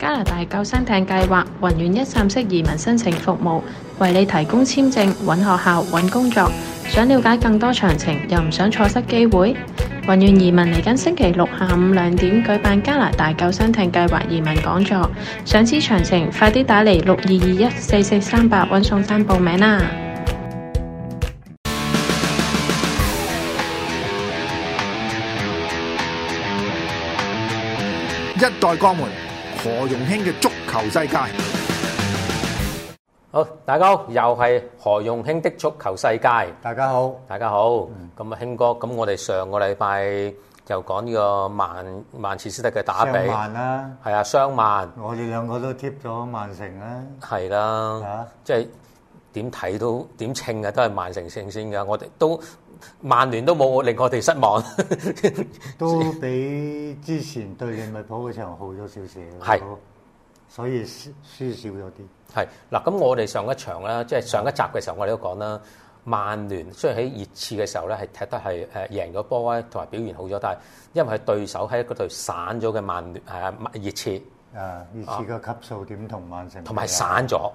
加拿大救生艇計劃宏遠一站式移民申請服務，為你提供簽證、揾學校、揾工作。想了解更多詳情，又唔想錯失機會，宏遠移民嚟緊星期六下午兩點舉辦加拿大救生艇計劃移民講座，想知詳情，快啲打嚟六二二一四四三八，揾宋珊報名啦！一代鋼門。何容興嘅足球世界好，好大家好，又係何容興的足球世界。大家好，大家好。咁啊、嗯，興哥，咁我哋上個禮拜就講呢個曼曼徹斯特嘅打比，雙曼啦，係啊，雙曼、啊。雙我哋兩個都貼咗曼城啦，係啦，即係點睇都點稱啊，啊看看都係曼城勝先噶。我哋都。曼聯都冇令我哋失望 ，都比之前對利物浦嗰場好咗少少，係，所以輸少咗啲。係嗱，咁我哋上一場咧，即係上一集嘅時、時候，我哋都講啦，曼聯雖然喺熱刺嘅時候咧係踢得係誒贏咗波呀，同埋表現好咗，但係因為係對手喺一個隊散咗嘅曼誒、啊、熱刺，誒、啊、熱刺嘅級數點同曼城同埋散咗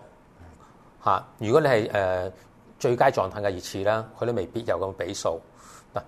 嚇、啊，如果你係誒。呃最佳狀態嘅熱刺啦，佢都未必有咁比數。嗱，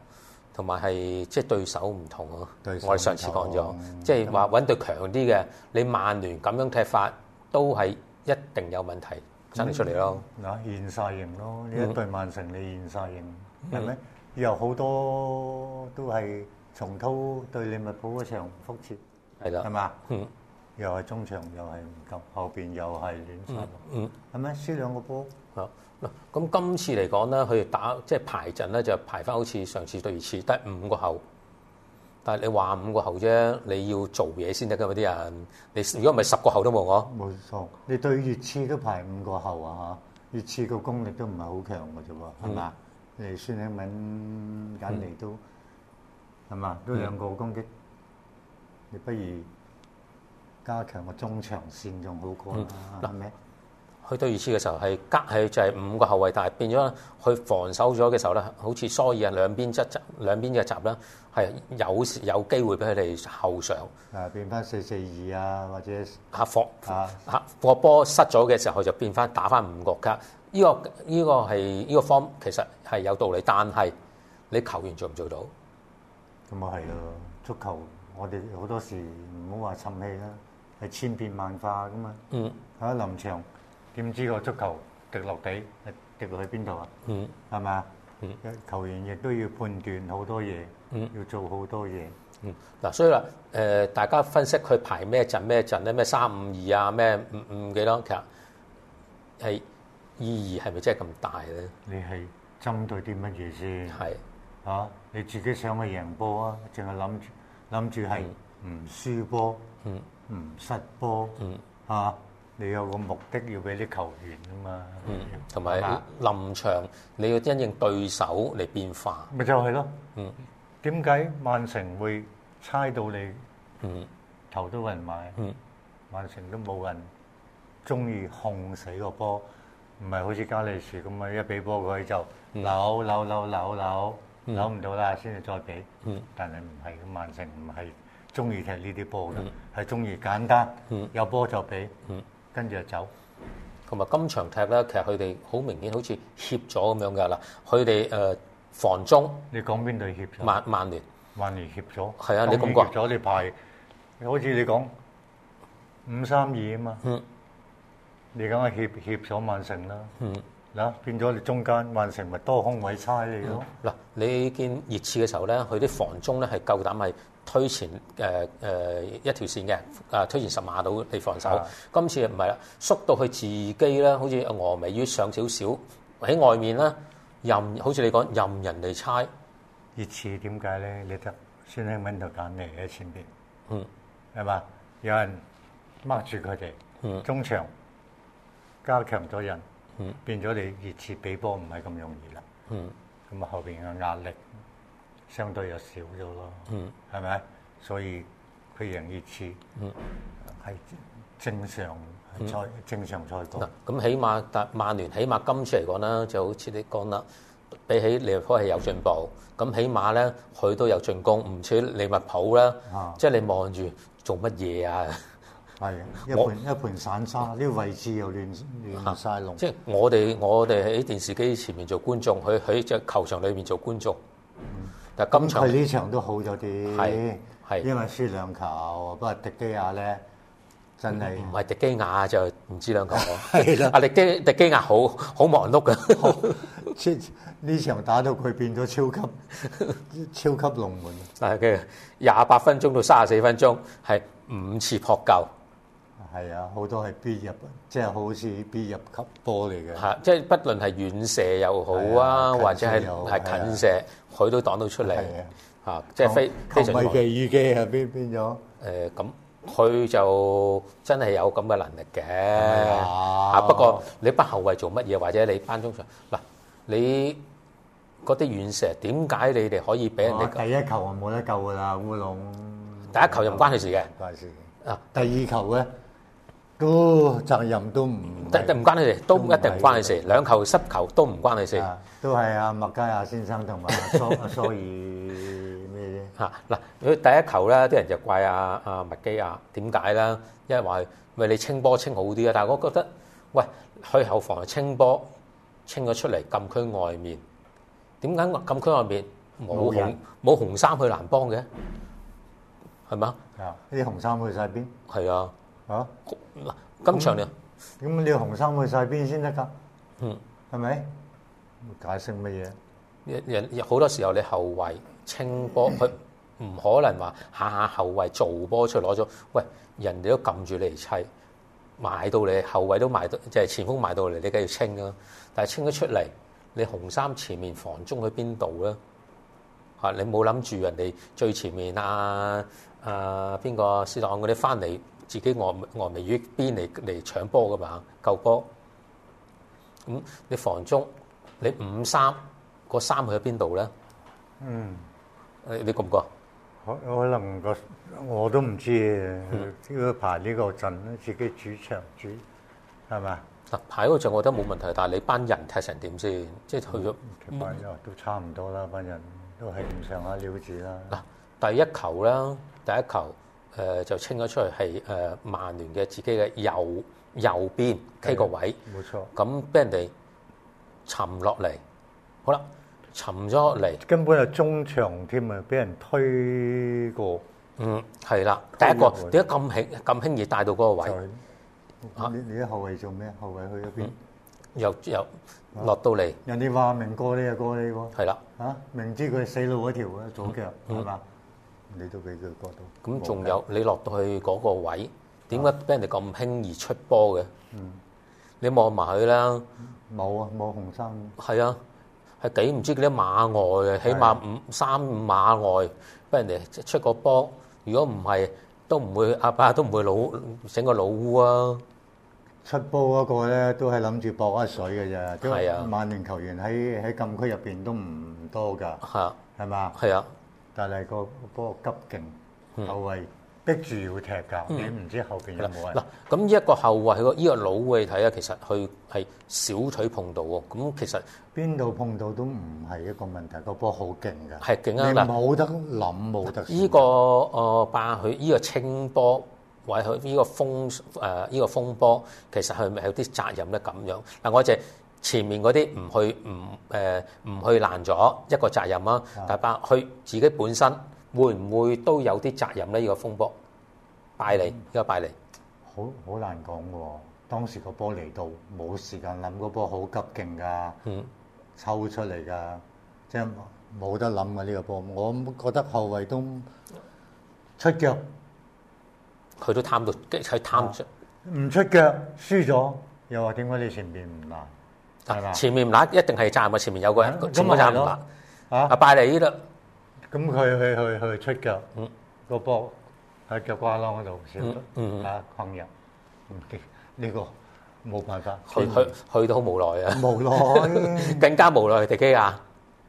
同埋係即係對手唔同喎。對我哋上次講咗，即係話揾對強啲嘅，你曼聯咁樣踢法都係一定有問題，生得出嚟咯。嗱、嗯嗯嗯，現晒型咯，呢一對曼城、嗯、你現晒型，係咪？又好、嗯、多都係重蹈對利物浦嗰場覆轍，係啦，係嘛、嗯？嗯，又係中場又係唔夠，後邊又係亂塞，嗯，係咪？輸兩個波，好、嗯。嗱，咁今次嚟講咧，佢打即係排陣咧，就排返好似上次對熱刺得五個後，但係你話五個後啫，你要做嘢先得噶嗰啲人，你如果唔係十個後都冇我，冇錯，你對熱刺都排五個後啊嚇，熱刺個功力都唔係好強嘅啫喎，係嘛？嗯、你孫興慜簡嚟都係嘛、嗯，都兩個攻擊，嗯、你不如加強個中場線仲好過啦咩？嗯吧去到二次嘅時候係隔係就係五個後衞，但係變咗佢防守咗嘅時候咧，好似所以啊兩邊一閘兩邊嘅閘啦，係有有機會俾佢哋後上。誒變翻四四二啊，或者客防霍啊，客防波失咗嘅時候就變翻打翻五個卡。呢個呢個係呢個方其實係有道理，但係你球員做唔做到？咁啊係咯，足球我哋好多時唔好話沉氣啦，係千變萬化噶嘛。嗯。喺臨場。點知個足球跌落地，跌落去邊度啊？嗯，係咪？嗯，球員亦都要判斷好多嘢，嗯，要做好多嘢。嗯，嗱，所以話誒、呃，大家分析佢排咩陣咩陣咧？咩三五二啊？咩五五幾多？其實係意義係咪真係咁大咧？你係針對啲乜嘢先？係嚇的、啊，你自己想去贏波啊？淨係諗住諗住係唔輸波，嗯，唔失波，嗯，嚇。你有個目的要俾啲球員啊嘛，嗯，同埋臨場你要因應對手嚟變化，咪就係咯，嗯，點解曼城會猜到你，嗯，頭都人買，嗯，曼城都冇人中意控死個波，唔係好似加利士咁啊一俾波佢就扭扭扭扭扭扭唔到啦先至再俾，嗯，但係唔係，曼城唔係中意踢呢啲波㗎，係中意簡單，嗯，有波就俾，嗯。跟住就走，同埋今場踢咧，其實佢哋好明顯好似協咗咁樣嘅啦。佢哋誒防中，你講邊對協萬？萬年曼聯，曼聯協咗。係啊，協你咁講咗你排，好似你講五三二啊嘛。嗯。你咁啊協協咗曼城啦。嗯。嗱，變咗你中間，曼城咪多空位差你咯。嗱、嗯，你見熱刺嘅時候咧，佢啲防中咧係夠膽係，推前誒誒、呃呃、一條線嘅，啊推前十碼到你防守。是的 今次唔係啦，縮到佢自己啦，好似俄美於上少少喺外面啦，任好似你講任人嚟猜。熱刺點解咧？你就，孫興敏就揀嚟喺前邊，嗯係嘛？有人掹住佢哋中場，加強咗人，嗯，變咗你熱刺俾波唔係咁容易啦，嗯，咁啊後邊有壓力。相對又少咗咯，係咪？所以佢贏二次係正常再正常再講。咁起碼但曼聯起碼今次嚟講啦，就好似你講啦比起利物浦係有進步。咁起碼咧，佢都有進攻，唔似利物浦啦。即係你望住做乜嘢啊？係一盤一盤散沙，呢個位置又亂亂晒龍。即係我哋我哋喺電視機前面做觀眾，佢喺只球場裏面做觀眾。就今佢呢場都好咗啲，係因為輸兩球，不過迪基亞咧，真係唔係迪基亞就唔知兩球。係啦，阿迪基迪基亞好好忙碌噶，呢場打到佢變咗超級超級龍門，但係佢廿八分鐘到三十四分鐘係五次撲救。係啊，好多係必入，即係好似必入級波嚟嘅。係，即係不論係遠射又好啊，或者係係近射，佢都擋到出嚟。係啊，嚇！即係非非常唔係嘅預計啊，邊邊咗。誒，咁佢就真係有咁嘅能力嘅。嚇！不過你不後衞做乜嘢，或者你班中場嗱，你嗰啲遠射點解你哋可以俾人哋第一球就冇得救㗎啦，烏龍！第一球又唔關佢事嘅，關事啊！第二球咧？都責任都唔，唔關你事，都唔一定唔關你事。兩球失球都唔關你事。都係阿麥基亞先生同埋蘇蘇爾咩啫？嚇嗱，如果第一球咧，啲人就怪阿阿麥基亞點解啦？因為話喂你清波清好啲啊，但係我覺得喂，去後防清波清咗出嚟禁區外面，點解禁區外面冇紅冇紅衫去難幫嘅？係咪啊？係啊！呢啲紅衫去曬邊？係啊！啊！嗱，今場你，咁你紅衫去晒邊先得㗎？嗯，係咪、嗯？解釋乜嘢？人好多時候，你後衞清波，佢唔 可能話下下後衞做波出嚟攞咗。喂，人哋都撳住你嚟砌，賣到你後衞都賣到，即、就、係、是、前鋒賣到嚟，你梗係要清啦、啊。但係清咗出嚟，你紅衫前面防中去邊度咧？嚇！你冇諗住人哋最前面啊啊邊個 C 朗嗰啲翻嚟？自己外外圍遠邊嚟嚟搶波㗎嘛，救波。咁、嗯、你防中，你五三，嗰三去喺邊度咧？嗯，你你覺唔覺？可可能個我都唔知，呢、嗯、排呢個陣咧，自己主場主，係咪？嗱，排個陣我覺得冇問題，嗯、但係你班人踢成點先？即、就、係、是、去咗，嗯、他都差唔多啦，嗯、班人都係咁上下料子啦。嗱，第一球啦，第一球。誒就清咗出嚟係誒曼聯嘅自己嘅右右邊 K 個位，冇錯。咁俾人哋沉落嚟，好啦，沉咗落嚟，根本就中場添啊！俾人推過，嗯，係啦，第一個點解咁輕咁輕易帶到嗰個位？嚇你你啲後衞做咩？後衞去咗邊？又由落到嚟，人哋話明過呢，啊過呢？喎，係啦，嚇明知佢死路一條左腳，係嘛？你都俾佢過到，咁仲有你落到去嗰個位，點解俾人哋咁輕易出波嘅？嗯，你望埋佢啦，冇啊，冇紅衫。係啊，係幾唔知幾多馬外嘅，起碼五三五馬外，俾人哋出個波。如果唔係，都唔會壓壓，都唔會老整個老烏啊。出波嗰個咧，都係諗住博一水嘅啫。係啊，曼聯球員喺喺禁區入邊都唔多㗎。係啊，係嘛？係啊。但係個嗰急勁後衞逼住要踢㗎，嗯，你唔知後邊有冇人。嗱、嗯、咁、嗯、一個後衞喎，依、呢個老衞睇咧，其實佢係小腿碰到喎。咁其實邊度碰到都唔係一個問題，個波好勁㗎。係勁啱啦，冇得諗，冇得。依個霸佢依個清波或者佢呢個風誒依、呃呢個風波，其實係咪有啲責任咧？咁樣嗱，我哋。前面嗰啲唔去唔誒唔去攔咗一個責任啦，第八去自己本身會唔會都有啲責任咧？呢、這個風波拜你，呢個拜你，好好難講嘅喎。當時個波嚟到冇時間，諗，個波好急勁噶，抽出嚟噶，即係冇得諗啊。呢、這個波。我覺得後衛都他、啊、出腳，佢都貪到即係貪貪出唔出腳輸咗。又話點解你前邊唔攔？前面唔甩，一定係站嘅。前面有個人，全部站唔甩。啊，拜嚟呢度。咁佢去去去出腳，嗯，個波喺腳瓜窿嗰度，嗯嗯，啊，控入，嗯，呢個冇辦法，去去去到好無奈啊，無奈，更加無奈。迪基亞啊，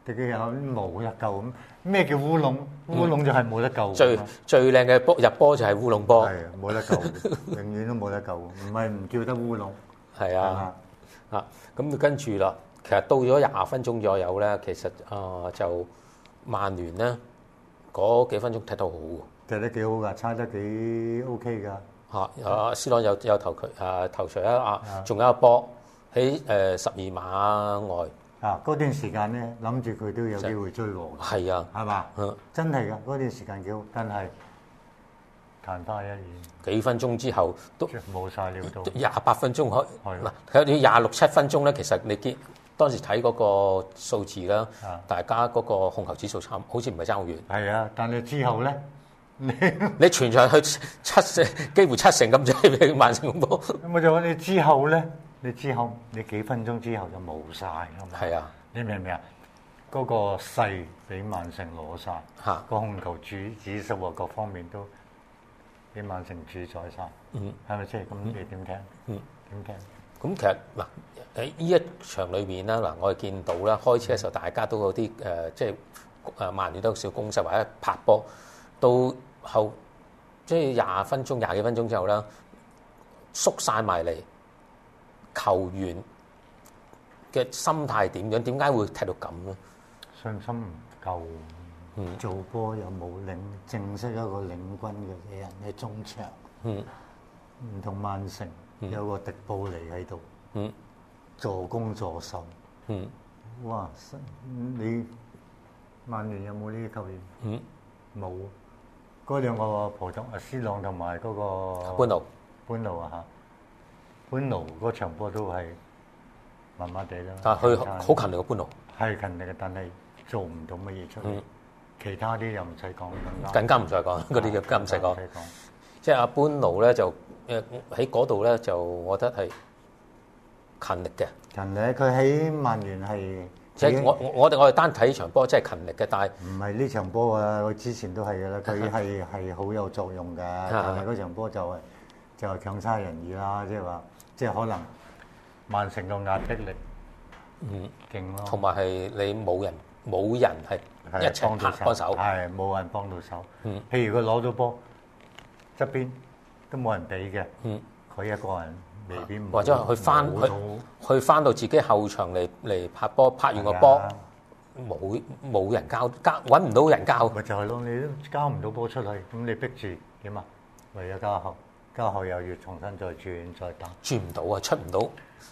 迪基亞有啲冇得救咁。咩叫烏龍？烏龍就係冇得救。最最靚嘅波入波就係烏龍波，係啊，冇得救，永遠都冇得救。唔係唔叫得烏龍，係啊。咁就、嗯、跟住啦。其實到咗廿分鐘左右咧，其實、呃、就曼聯咧嗰幾分鐘踢到好，踢得幾好噶，差得幾 OK 噶。啊，C 朗有有頭槌啊頭槌啊，仲、嗯、有一波喺十二碼外。啊，嗰段時間咧諗住佢都有機會追和。係、嗯、啊，係嘛？真係噶嗰段時間幾好，但係。差幾分鐘之後都冇曬料到，廿八分鐘可嗱，你廿六七分鐘咧，其實你見當時睇嗰個數字啦，的大家嗰個控球指數差，好似唔係爭好遠。係啊，但係之後咧，嗯、你,你全場去七成，幾乎七成咁的就係曼城控股。咁我就話你之後咧，你之後你幾分鐘之後就冇晒。啦嘛的。係啊，你明唔明啊？嗰、那個勢俾曼城攞曬，個控的球主指數啊，各方面都。被曼城主宰晒、嗯嗯。嗯，係咪先？咁你點聽？嗯，點聽？咁其實嗱喺呢一場裏邊啦，嗱我哋見到啦，開始嘅時候大家都有啲誒、呃，即係誒慢熱得少，攻勢或者拍波，到後即係廿分鐘、廿幾分鐘之後啦，縮晒埋嚟，球員嘅心態點樣？點解會踢到咁咧？信心唔夠。嗯、做波又冇領正式一個領軍嘅人喺中場、嗯，唔同曼城、嗯、有個迪布尼喺度、嗯，助攻助守，哇！你曼聯有冇呢啲球員？冇、嗯。嗰、啊、兩個葡同阿、啊、斯朗同埋嗰個班奴，班奴啊嚇，班奴嗰場波都係麻麻地啦。但係佢好勤力㗎，班奴係勤力㗎，但係做唔到乜嘢出嚟。其他啲又唔使講，更加更加唔使講嗰啲嘅，更唔使講。即係阿般奴咧，就喺嗰度咧，就我覺得係勤力嘅。勤力，佢喺曼聯係。即係我我哋我哋單睇呢場波，即係勤力嘅，但係唔係呢場波啊？之前都係㗎啦，佢係係好有作用嘅。但係嗰場波就就強差人意啦，即係話即係可能曼城嘅壓迫力唔勁咯。同埋係你冇人。冇人係一齊拍幫手，係冇人幫到手。嗯，譬如佢攞到波側邊都冇人俾嘅。嗯，佢一個人未必冇或者佢翻佢佢翻到自己後場嚟嚟拍波，拍完個波冇冇人交交揾唔到人交，咪就係咯。你都交唔到波出去，咁你逼住點啊？唯有交後交後又要重新再轉再打，轉唔到啊，出唔到。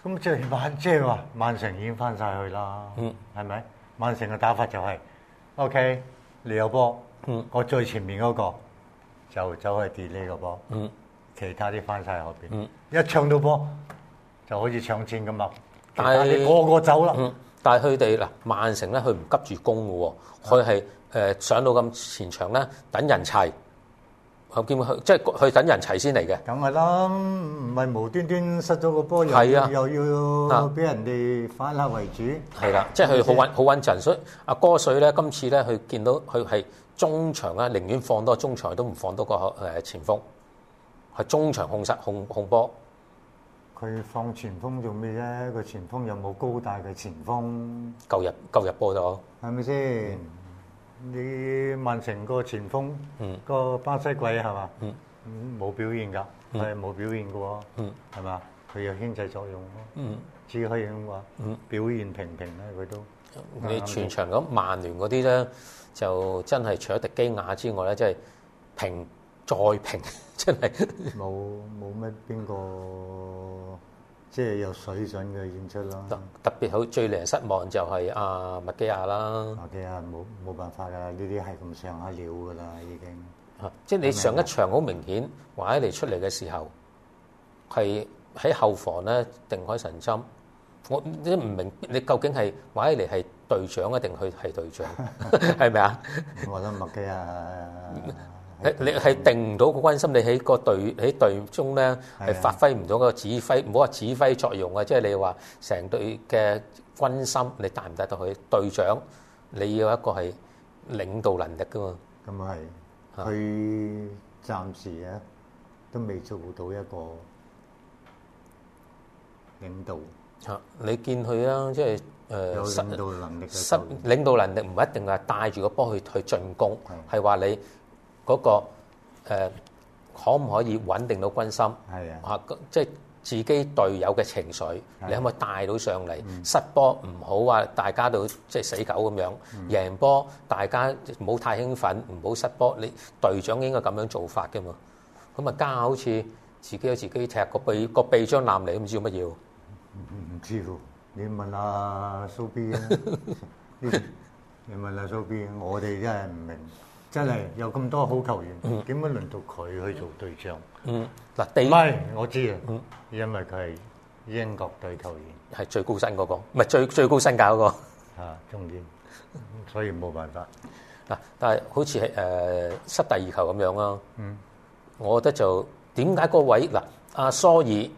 咁即係萬即係話曼城已經翻晒去啦，嗯，係咪？曼城嘅打法就係，O.K. 你有波，嗯、我最前面嗰個就走去跌呢個波，嗯、其他啲翻曬後邊，嗯、一搶到波就好似搶錢咁咯。但係個個走啦，但係佢哋嗱，曼城咧，佢唔急住攻嘅喎，佢係誒上到咁前場咧，等人齊。我見佢即係佢等人齊先嚟嘅。梗係啦，唔係無端端失咗個波，又又要俾、啊、人哋反客為主。係啦，即係佢好穩、啊、好穩陣，所以阿哥帥咧今次咧，佢見到佢係中場啊，寧願放多中場都唔放多個誒前鋒，係中場控實控控波。佢放前鋒做咩啫？佢前鋒有冇高大嘅前鋒？夠入夠入波咗，係咪先？你曼城個前鋒個巴西鬼係嘛？冇、嗯嗯、表現㗎，係冇、嗯、表現嘅喎，係嘛、嗯？佢有牽制作用咯，嗯、只可以咁話、嗯、表現平平咧，佢都、嗯嗯、你全場咁，曼聯嗰啲咧就真係除咗迪基亞之外咧，真係平再平，真係冇冇乜邊個？即係有水準嘅演出咯，特別好，最令人失望就係阿麥基亞啦。麥基亞冇冇辦法㗎，呢啲係咁上下料㗎啦已經。嚇！即係你上一場好明顯，華爾尼出嚟嘅時候係喺後防咧定海神針。我都唔明你究竟係華爾尼係隊長啊，定佢係隊長係咪啊？我覺得麥基亞。你你係定唔到個軍心？你喺個隊喺隊中咧係發揮唔到個指揮，唔好話指揮作用啊！即係你話成隊嘅軍心，你帶唔帶到佢？隊長你要一個係領導能力㗎嘛？咁啊係，佢暫時咧都未做到一個領導。嚇！你見佢啦，即係誒有領導能力，失領導能力唔一定係帶住個波去去進攻，係話你。嗰個誒可唔可以穩定到軍心？係啊，嚇即係自己隊友嘅情緒，你可唔可以帶到上嚟？失波唔好啊，大家都即係死狗咁樣；贏波大家唔好太興奮，唔好失波。你隊長應該咁樣做法㗎嘛？咁啊加下好似自己有自己踢個臂個臂章攬嚟，你都唔知要乜嘢喎？唔知喎，你問阿蘇 B 啊？你問阿蘇 B，我哋真係唔明。真係有咁多好球員，點樣輪到佢去做對象？嗱、嗯，唔係我知啊，因為佢係英國隊球員，係最高薪嗰、嗰個，唔係最最高薪價嗰個。啊，中堅，所以冇辦法。嗱，但係好似係誒失第二球咁樣咯。嗯，我覺得就點解嗰位嗱，阿、啊、蘇爾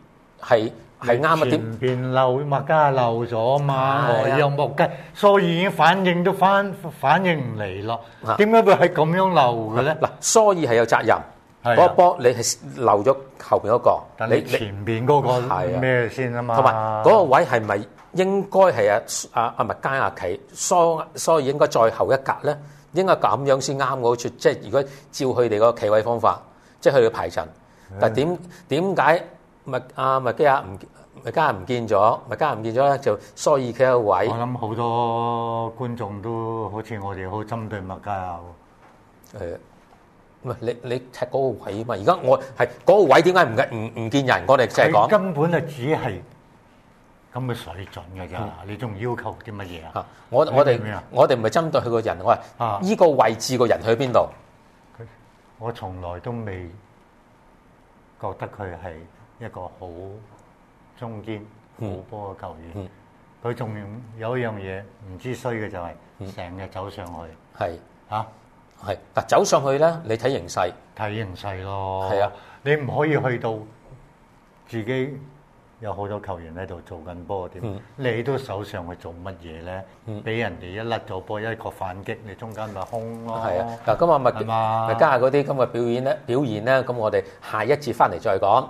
係。係啱啊！前邊漏麥家漏咗嘛，又木雞，疏耳已經反應都返反應唔嚟咯。點解佢係咁樣漏嘅咧？嗱，疏耳係有責任，嗰個波你係漏咗後邊嗰個，你前邊嗰個係咩先啊嘛？同埋嗰個位係咪應該係啊啊啊麥家啊企疏疏耳應該再後一格咧？應該咁樣先啱嘅好似，即係如果照佢哋個企位方法，即係佢哋排陣，但點點解？麥阿麥嘉亞唔麥唔見咗，麥嘉亞唔見咗咧，就所以佢企個位。我諗好多觀眾都好似我哋好針對麥嘉亞喎，你你踢嗰個位啊嘛？而家我係嗰、嗰個位點解唔唔唔見人，他我哋就係講根本係只係咁嘅水準㗎啫。的你仲要求啲乜嘢啊？我我哋我哋唔係針對佢個人，我話依個位置個人去邊度？佢、啊、我從來都未覺得佢係。一個好中堅好波嘅球員，嗯，佢、嗯、仲有一樣嘢唔知衰嘅就係成日走上去。係嚇，係嗱走上去咧，你睇形勢，睇形勢咯。係啊，嗯、你唔可以去到自己有好多球員喺度做緊波嘅點，你都手上去做乜嘢咧？俾、嗯、人哋一甩咗波一個反擊，你中間咪空咯。係啊，嗱，今日咪咪加下嗰啲今日表演咧，表現咧，咁我哋下一節翻嚟再講。